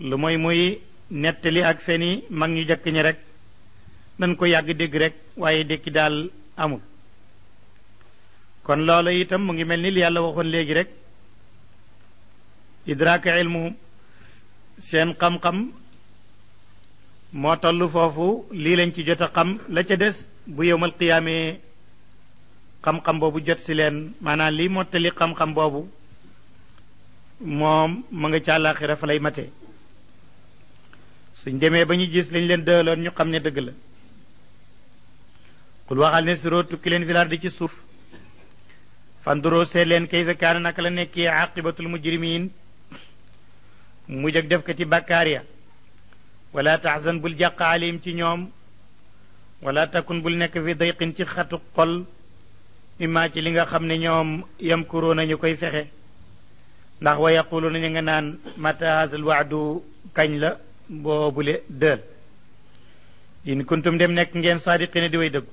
lu mooy muy nettali ak feni mag ñu jëkk ñi rek dañ ko yàgg dégg rek waaye dékki daal amul kon loola itam mu ngi mel ni li yàlla waxoon léegi rek idraaka ilmuhum seen xam-xam moo toll foofu lii lañ ci jot a xam la ca des bu yowmal qiyaamee xam-xam boobu jot si leen maanaam lii mottali xam-xam boobu moom ma nga ca àllaaxira fa lay mate suñ demee ba ñu gis lañ leen dëloon ñu xam ne dëgg la xul waxal ne suroo tukki leen filaar di ci suuf fanduroo seet leen kayfa kaana naka la nekkee aqibatul mujrimiin مو جاك دفكتي بكاريا ولا تحزن بالجاق عليم تي نيوم ولا تكن بالنك في ضيق تي خط قل اما تي ليغا خامني نيوم يمكرون نيكاي فخه ناخ ويقولون نيغا نان متى هذا الوعد كاج لا بوبله دل ان كنتم دم نك نين صادقين دي وي دغ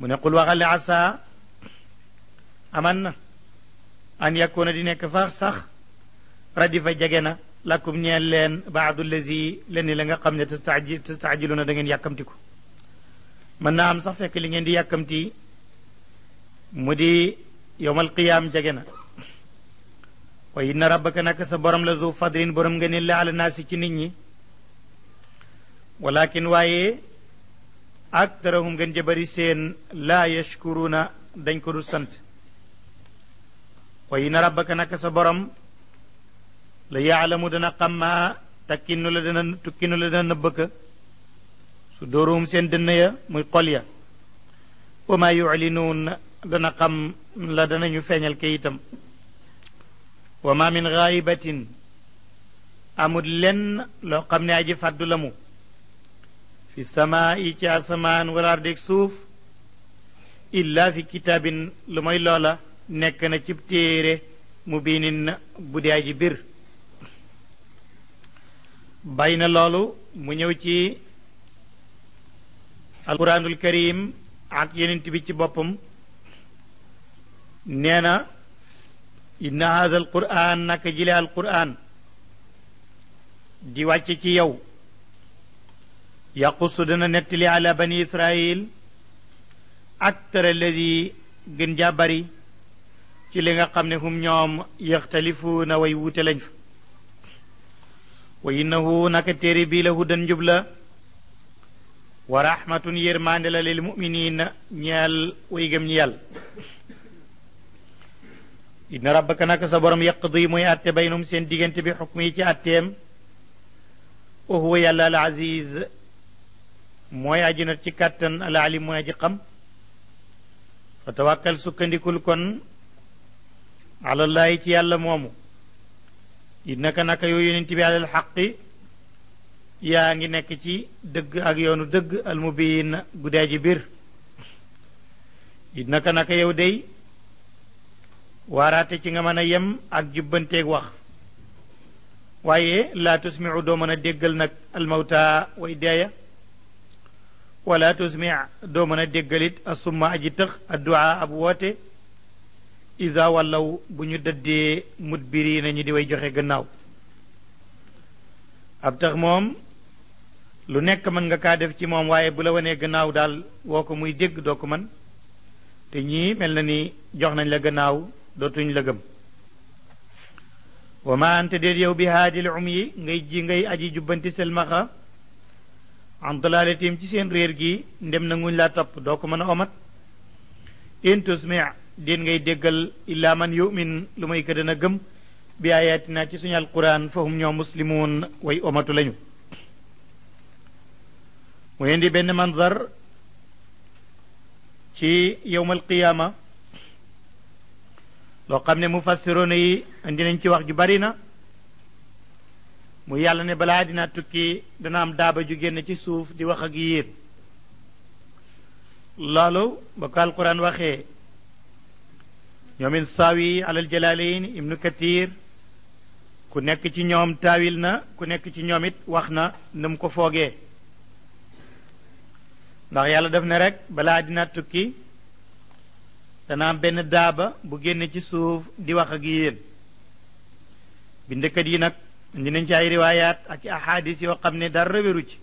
من يقول وقال عسى امنا ان يكون دي نك فخ صح radifa jege na lakum ñeel leen baadu lazi leni la nga xamne ne tustaaji na da ngeen yàkkamtiku man na am sax fekk li ngeen di yakamti mudi yowmal qiyaam jege na wa inna rabbaka nag sa borom la zu fadrin borom nga ne la ala nasi ci nit ñi walakin waye aktarahum ngeen jëbari seen la yashkuruna dañ ko du sant wa inna rabbaka nag sa borom la yaalamu dana xammaa takkinu la dana tukkinu la dana nëbbëkk su dóoruum seen dënn ya muy xol ya wa maa yuclinuun dana xam la danañu feeñal ke itam wa maa min gaayibatin amul lenn loo xam ne aji fàddu la mu fi samaa yi ci asamaan wala ardeg suuf illa fi kitaabin lu mooy loola nekk na cib téere mu biinin bu dee aji bir bàyyi na loolu mu ñëw ci alquranul karim ak yenent bi ci boppam nee na inna haza alquran naka jile alquran di wàcce ci yow yaqussu dana nettali ala bani israil aktara alladi gën jaa ci li nga xam ne hum ñoom yaxtalifuuna way wuute lañ fa wa innahu naka téere bii la hudan njub la wa rahmatun yërmaande la lil muminina ñeel way gëm ñi yàlla inna rabbaka naka sa borom yaqdi muy atte baynum seen diggante bi xukm yi ci atteem wa huwa yàlla al aziz mooy aji not ci kàttan al alim mooy aji xam fa tawakkal sukkandikul kon alallahi ci yàlla moomu naka naka yow yonent bi alal xaqi yaa ngi nekk ci dëgg ak yoonu dëgg almubiin guddee ji biir it naka naka yow dey waaraate ci nga mën a yem ak jubbanteeg wax waaye laa tusmicu doo mën a déggal nag almawta way deeya wala tusmic doo mën a déggalit asumma aji tëx adduaa ab woote isa wallaw bu ñu mut dëddee mudbiri nañu di way joxe gannaaw ab tax moom lu nekk mën nga kaa def ci moom waaye bu la wanee gannaaw daal woo ko muy dégg doo ko mën te ñii mel na ni jox nañ la gannaaw dootuñ la gëm wa ma anta déet yow bi haadil um yi ngay ji ngay aji jubbanti selmaxa an dalaalatim ci seen réer gi ndem na nguñ laa topp doo ko mën a omat in din ngay déggal illaa man yumin lu may gëdën a gëm bi ayatina ci suñu alquran fahum ñoo muslimuun way omatu lañu mu indi benn manzar ci yowmal qiyaama loo xam ne mufassiroona yi indi nañ ci wax ju bari na mu yàlla ne balaa dina tukki dana am daaba ju génn ci suuf di wax ak yéen loolu ba ko alquran waxee ñoom it saawi alal jalaalayn ibnu kathir ku nekk ci ñoom taawil na ku nekk ci ñoom it wax na na ko foogee ndax yàlla def na rekk balaa dina tukki dana benn daaba bu génn ci suuf di wax ak yéen bindkat yi nag indi nañ ci riwaayaat ak i ahadis yoo xam ne dara wéru ci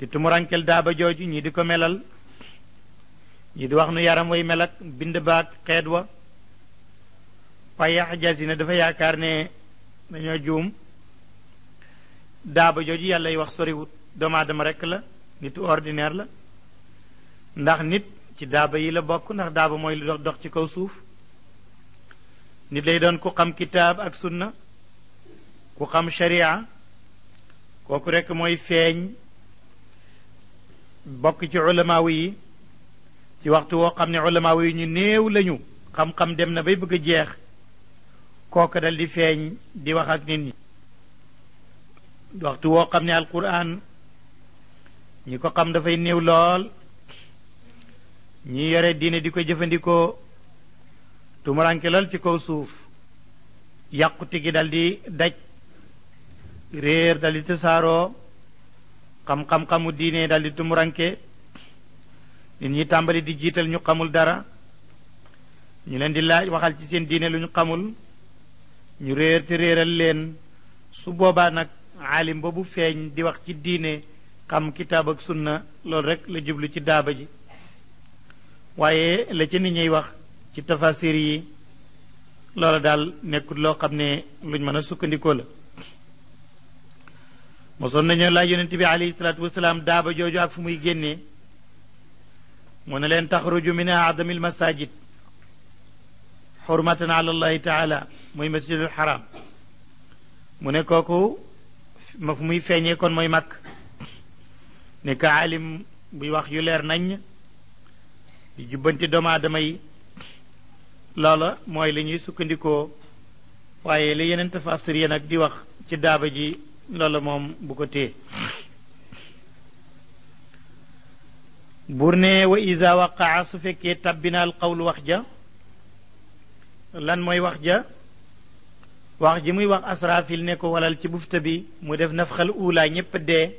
di tumurankel daaba jooju ñii di ko melal yi di wax nu yaram way mel bind ba xeet wa waaye ajasi na dafa yaakaar ne dañoo juum daaba jooju yàlla yi wax soriwut doomu rekk la nitu ordinaire la ndax nit ci daaba yi la bokk ndax daaba mooy lu dox dox ci kaw suuf nit lay doon ku xam kitaab ak sunna ku xam sharia kooku rekk mooy feeñ bokk ci ulamaawu yi ci waxtu woo xam ne ulama yu ñu néew lañu xam-xam dem na bay bëgg a jeex kooka dal di feeñ di wax ak nit ñi waxtu woo xam alquran ñi ko xam dafay néew lool ñi yore diine di ko jëfandikoo tumuranke lool ci kaw suuf yàqute gi dal di daj réer dal di tasaaroo xam-xam-xamu diine dal di tumuranke nit ñi tàmbali di jiital ñu xamul dara ñu leen di laaj waxal ci seen diine lu ñu xamul ñu réer te réeral leen su boobaa nag aalim ba bu feeñ di wax ci diine xam kitaab ak sunna loolu rek la jublu ci daaba ji waaye la ci nit ñuy wax ci tafasir yi loola daal nekkul loo xam ne luñ mën a sukkandikoo la mosoon nañu laaj yonent bi alayhi salaatu daaba jooju ak fu muy génnee mu ne leen taxruju min aadami almasajid xurmatan ala allahi taala muy masjidul xaram mu ne kooku ma fu muy feeñee kon mooy mag ne ka buy wax yu leer nañ di jubbanti doomu aadama yi loola mooy li ñuy sukkandikoo waaye li yeneen tafaasir yi nag di wax ci daaba ji loola moom bu ko téye buur ne wa isa waqaa su fekkee tabbinaal xawlu wax ja lan mooy wax ja wax ji muy wax asraafil ne ko walal ci bufta bi mu def nafxal uulaa ñépp dee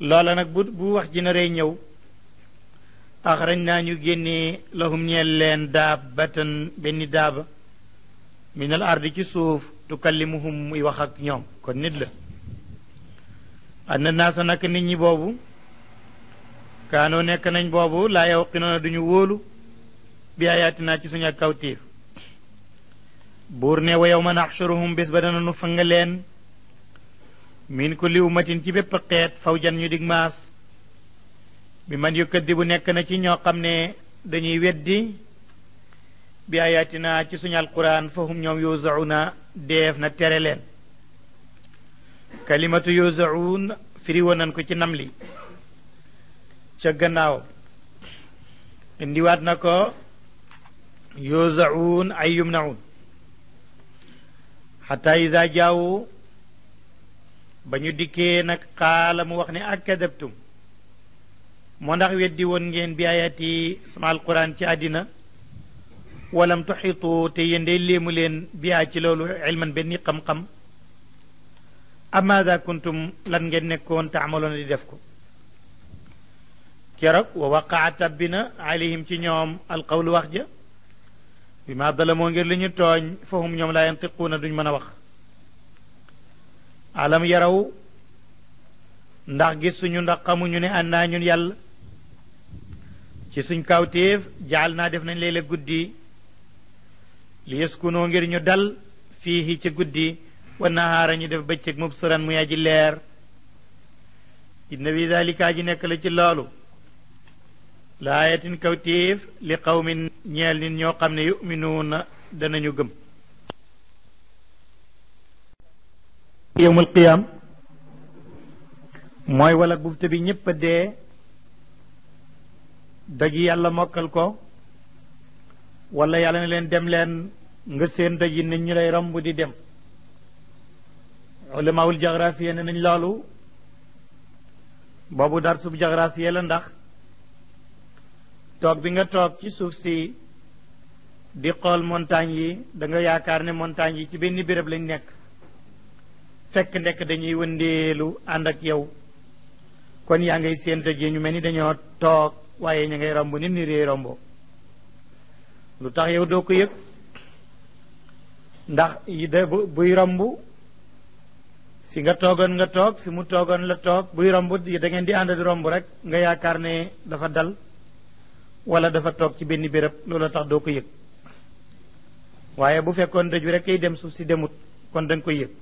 loola nag bu wax ji naree ñëw axrañ naa ñu génnee lahum ñeel leen daabatan benn daaba min al ci suuf tukallimuhum muy wax ak ñoom kon nit la anna naasa nag nit ñi boobu kaanoo nekk nañ boobu laa yow xinoona duñu wóolu bi ayaatinaa ci suñu ak kawtiif buur ne wa yow ma naxsuruhum bés ba dana nu fa nga leen min kulli ummatin ci bépp xeet fawjan ñu dig maas bi man yu këddi bu nekk na ci ñoo xam ne dañuy weddi bi ayaatinaa ci suñu alquran fahum ñoom yuzauna deef na tere leen kalimatu yuzaun firi woon nañ ko ci nam li ca gannaaw indiwaat na ko yuzaun ay yumnaun xata isa jaawu ba ñu dikkee nag xaala mu wax ne ak kadabtum moo ndax weddi woon ngeen bi ayati sama alquran ci àddina walam tuxitu te yéen day leen bi aa ci loolu ilman benn xam-xam amaada kuntum lan ngeen nekkoon te amaloon di def ko keroog wa bi na alayhim ci ñoom alqawlu wax ja bi ma dalamoo ngir li ñu tooñ fahum ñoom laa yantiquuna duñ mën a wax alam yaraw ndax gis suñu ndax xamuñu ne an naa ñun yàlla ci suñ kawtéef jaal naa def nañ léeg-léeg guddi li yëskunoo ngir ñu dal fii ci guddi wa nahaara ñu def bëccëg mubsiran mu yaa ji leer inna bi dalika ji nekk la ci loolu laayatin kawtéef li qawmin ñeel nit ñoo xam ne yuminuuna danañu gëm yowmul qiyaam mooy walla bufte bi ñëpp a dee doj yàlla mokkal ko wala yàlla ne leen dem leen nga seen doj yi nit ñu lay romb di dem ulamaawul jagraafiya ne nañ loolu boobu dar sub jagraafiya la ndax toog bi nga toog ci suuf si di xool montagne yi danga yaakaar ne montagne yi ci benn béréb lañ nekk fekk ndekk dañuy wëndeelu ànd ak yow kon yaa ngay séenta ji ñu mel ni dañoo toog waaye ñu ngay romb nit ni réy rombo lu tax yow doo ko yëg ndax yi buy romb fi nga toogoon nga toog fi mu toogoon la toog buy romb da ngeen di ànd di romb rek nga yaakaar ne dafa dal wala dafa toog ci benn béréb loola tax doo ko yëg waaye bu fekkoon daju rek kay dem suuf si demut kon da nga koy yëg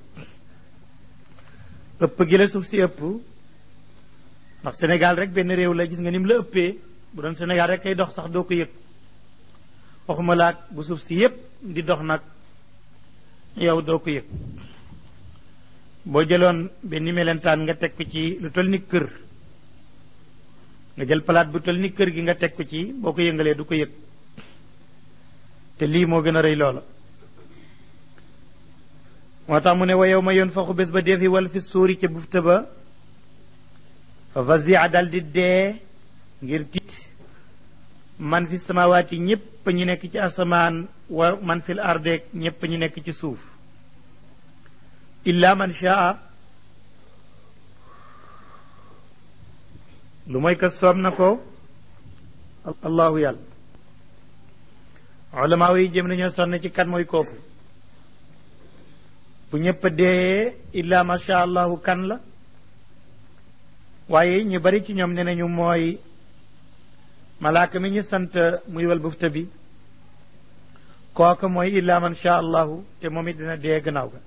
ëpp gi la suuf si ëpp ndax Sénégal rek benn réew lay gis nga ni mu la ëppee bu doon Sénégal rek ay dox sax doo ko yëg waxuma laag bu suuf si yépp di dox nag yow doo ko yëg boo jëloon benn melentaan nga teg ko ci lu toll ni kër nga jël palaat bu tël ni kër gi nga teg ko ci boo ko yëngalee du ko yëg te lii moo gën a rëy loola moo tax mu ne wa ma yoon faxu bés ba dee fi wal fi suuri ca bufta ba fa fazia dal di dee ngir tiit man fi samawaat yi ñépp ñu nekk ci asamaan wa man fil ardeek ñépp ñu nekk ci suuf illa man shaa lu mooy que soob na ko allahu yàlla olamaa yi jëm nañoo sonn ci kan mooy kooku bu ñëpp dee illa macha allahu kan la waaye ñu bari ci ñoom ne nañu mooy malaaka mi ñu sant muy wal bufta bi kooku mooy illa man sha allahu te moom it dina dee gannaaw ga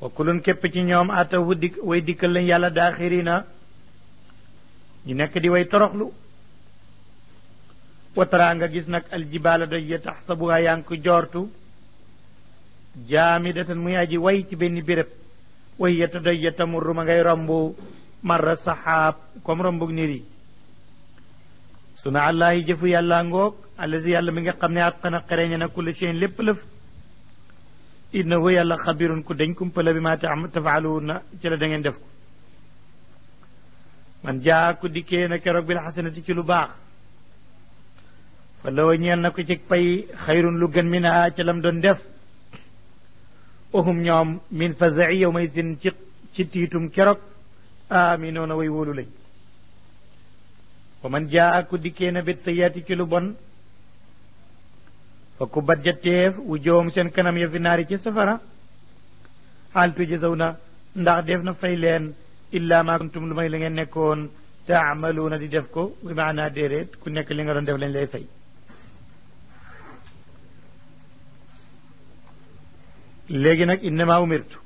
wa kulun képp ci ñoom atahu dik way dikkal lañ yàlla daaxirina ñu nekk di way toroxlu wataraa nga gis nag aljibaala doj ya taxsabuha yaa ngi ko joortu jaamidatan muy aji way ci benn béréb way ya ta doj ya tamurru ma ngay romb marra saxaab comme rombug nit yi suna allahi jëfu yàlla ngoog allazi yàlla mi nga xam ne atqana xereñe na kulla shay'in lépp lëf innahu yàlla xabirun ku dañ kumpala bi ma tafaaluuna ci la da ngeen def ko man jaa ku dikkee keroog bil xasanati ci lu baax fa law ñeen na ko ci pay xayrun lu gën min ha ca lam doon def uhum ñoom min fazai yow may sin ci tiitum keroog aaminoona way wóolu lañ wa man jaa ku dikkee na bit ci lu bon fa ku bat ja teef wu joom seen kanam ya fi naari ci safara xaal tuji saw na ndax def na fay leen illa ma kuntum lu may la ngeen nekkoon taamaluuna di def ko bi maanaa déedéet ku nekk li nga doon def lañ lay fay léegi nag innama umirtu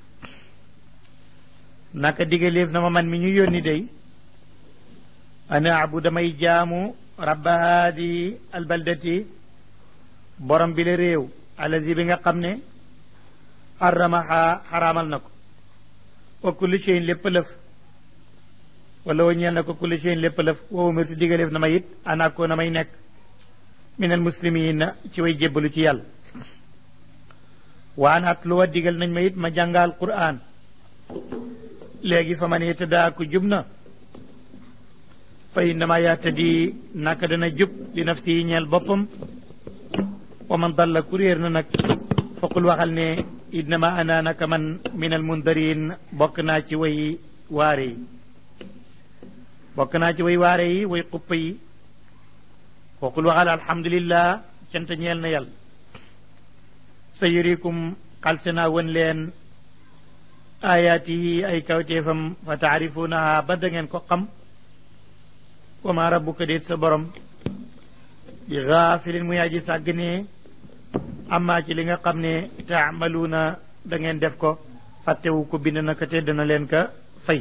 naka digaleef na ma man mi ñuy yónni day ana abu damay jaamu rabba haadi albaldati borom bi réew alazi bi nga xam ne arramaha xaraamal na ko wa kullu cheyin lépp lëf wala wa ñeel na ko kulli shay'in lépp lëf wa umirtu digaleef na ma it ana na may nekk minal muslimina ci way jébbalu ci yàlla waan at lu wa digal nañ ma it ma jàngal quraan léegi fa ma ne tëddaa ku jub na fa innamaa yaatadi naka dana jub li nafsi ñeel boppam wa man dalla ku réer na nag faqul waxal ne innama ana naka man minal mundarin bokk naa ci way waare yi bokk naa ci way waare yi way xuppa yi kookul waxal alhamdulillah cant ñeel na yàlla sa yurikum xalse naa won leen ayaatihi ay kawteefam fa taarifunaha ba da ko xam wa ma rabbuka déet sa borom bi gaafilin muy aji sàgg amma ci li nga xam ne taamaluuna dangeen def ko fàttewu ko bind na te dana leen ka fay